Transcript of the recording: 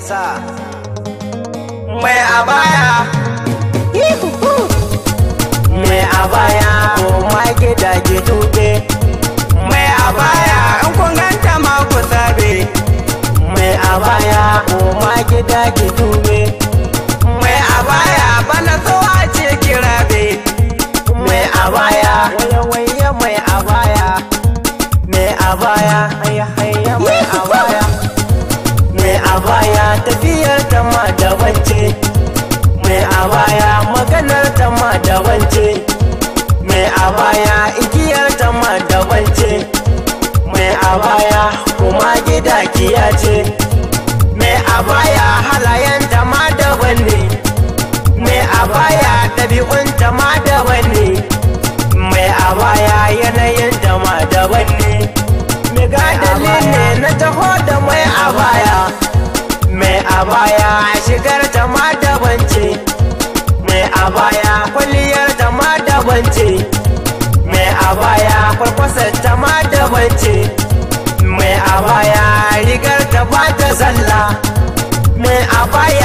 sa mai abaya mai abaya ko ma ke gidube mai abaya in kun ganta ma ku sabe mai abaya ko ma ke gidube mai abaya bana so zuwa ce be. mai abaya waya mai abaya mai abaya hayya hayya mai abaya a baya tafiyar ta ma da wance mai a baya magana ta ma da wance mai a baya igiyar ta ma da wance mai a baya kuma gida kiya ce mai a baya halayen abaya shigar da ma daban ce mai abaya kwalliyar da ma daban ce mai abaya kwakwasar da ma daban ce mai abaya rigar ta ba zalla mai abaya